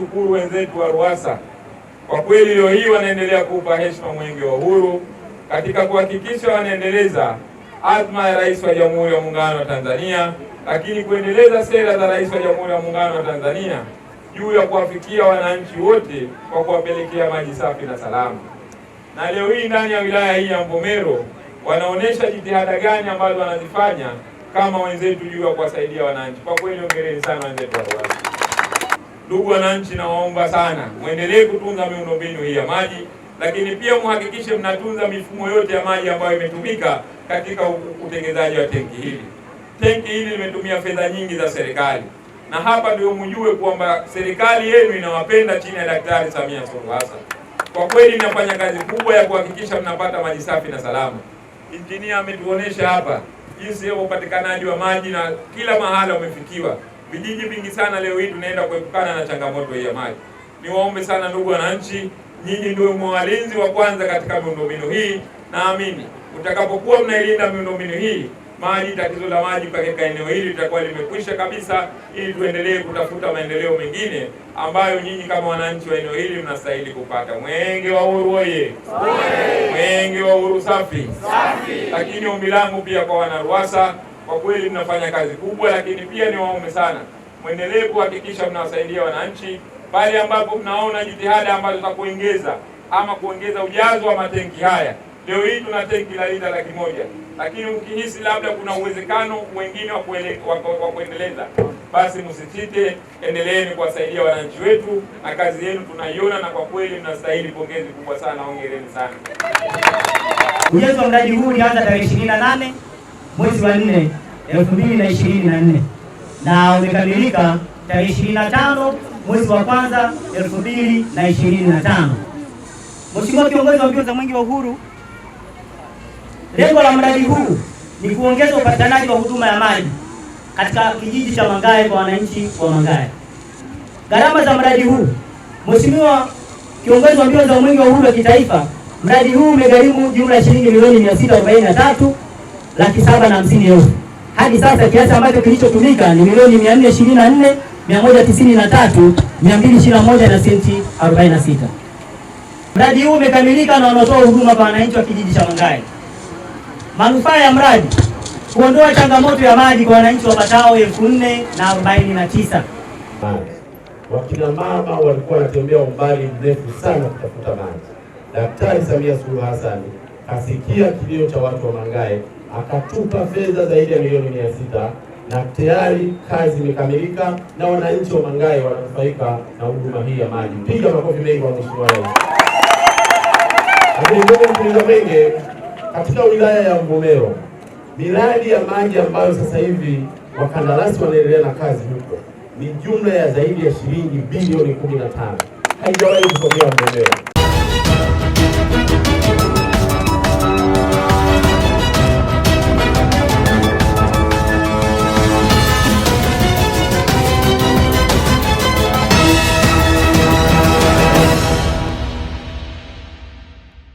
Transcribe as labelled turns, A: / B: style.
A: washukuru wenzetu wa RUWASA kwa kweli, leo hii wanaendelea kuupa heshima mwenge wa uhuru katika kuhakikisha wanaendeleza azma ya Rais wa Jamhuri ya Muungano wa Tanzania, lakini kuendeleza sera za Rais wa Jamhuri ya Muungano wa Tanzania juu ya kuwafikia wananchi wote kwa kuwapelekea maji safi na salama. Na leo hii ndani ya wilaya hii ya Mvomero wanaonesha jitihada gani ambazo wanazifanya kama wenzetu juu ya kuwasaidia wananchi. Kwa kweli, ongereni sana wenzetu wa RUWASA. Ndugu wananchi, nawaomba sana mwendelee kutunza miundombinu hii ya maji, lakini pia muhakikishe mnatunza mifumo yote ya maji ambayo imetumika katika utengenezaji wa tenki hili. Tenki hili limetumia fedha nyingi za serikali, na hapa ndio mjue kwamba serikali yenu inawapenda chini ya Daktari Samia Suluhu Hassan. Kwa kweli inafanya kazi kubwa ya kuhakikisha mnapata maji safi na salama. Injinia ametuonesha hapa jinsi ya upatikanaji wa maji na kila mahala umefikiwa. Vijiji vingi sana leo hii tunaenda kuepukana na changamoto ya maji. Niwaombe sana ndugu wananchi, nyinyi ndio mwalinzi wa kwanza katika miundombinu hii. Naamini utakapokuwa mnailinda miundombinu hii, maji, tatizo la maji katika eneo hili litakuwa limekwisha kabisa, ili tuendelee kutafuta maendeleo mengine ambayo nyinyi kama wananchi wa eneo hili mnastahili kupata. Mwenge wa Uhuru oye! Mwenge wa Uhuru safi safi. Lakini ombi langu pia kwa wanaruasa kwa kweli mnafanya kazi kubwa, lakini pia ni waombe sana mwendelee kuhakikisha mnawasaidia wananchi pale ambapo mnaona jitihada ambazo za kuongeza ama kuongeza ujazo wa matenki haya. Leo hii tuna tenki la lita laki moja, lakini ukihisi labda kuna uwezekano wengine wa kuendeleza, basi msisite, endeleeni kuwasaidia wananchi wetu, na kazi yenu tunaiona, na kwa kweli mnastahili pongezi kubwa sana. Hongereni sana.
B: Ujenzi wa mradi huu ulianza tarehe 28 mwezi wa 4 elfu mbili na ishirini na nne na umekamilika tarehe ishirini na tano mwezi wa kwanza elfu mbili na ishirini na tano. Mheshimiwa kiongozi wa mbio za mwenge wa uhuru, lengo la mradi huu ni kuongeza upatikanaji wa huduma ya maji katika kijiji cha Mangae kwa wananchi wa Mangae. Gharama za mradi huu, Mheshimiwa kiongozi wa mbio za mwenge wa uhuru wa kitaifa, mradi huu umegharimu jumla ya shilingi milioni mia sita arobaini na tatu laki saba na hamsini elfu hadi sasa kiasi ambacho kilichotumika ni milioni 424 193 221 na senti 46. Mradi huu umekamilika na wanatoa huduma kwa wananchi wa kijiji cha Mangae. Manufaa ya mradi kuondoa changamoto ya maji kwa wananchi wapatao elfu nne na arobaini na tisa.
C: Wakina mama walikuwa wanatembea umbali mrefu sana kutafuta maji. Daktari Samia Suluhu Hassan asikia kilio cha watu wa Mangae akatupa fedha zaidi ya milioni mia sita na tayari kazi imekamilika na wananchi wa Mangae wananufaika na huduma hii ya maji. Piga makofi mengi kwa Mheshimiwa Rais. Lakini Mwenge, katika wilaya ya Mvomero miradi ya maji ambayo sasa hivi wakandarasi wanaendelea na kazi huko ni jumla ya zaidi ya shilingi bilioni 15 haijawahi kutokea Mvomero.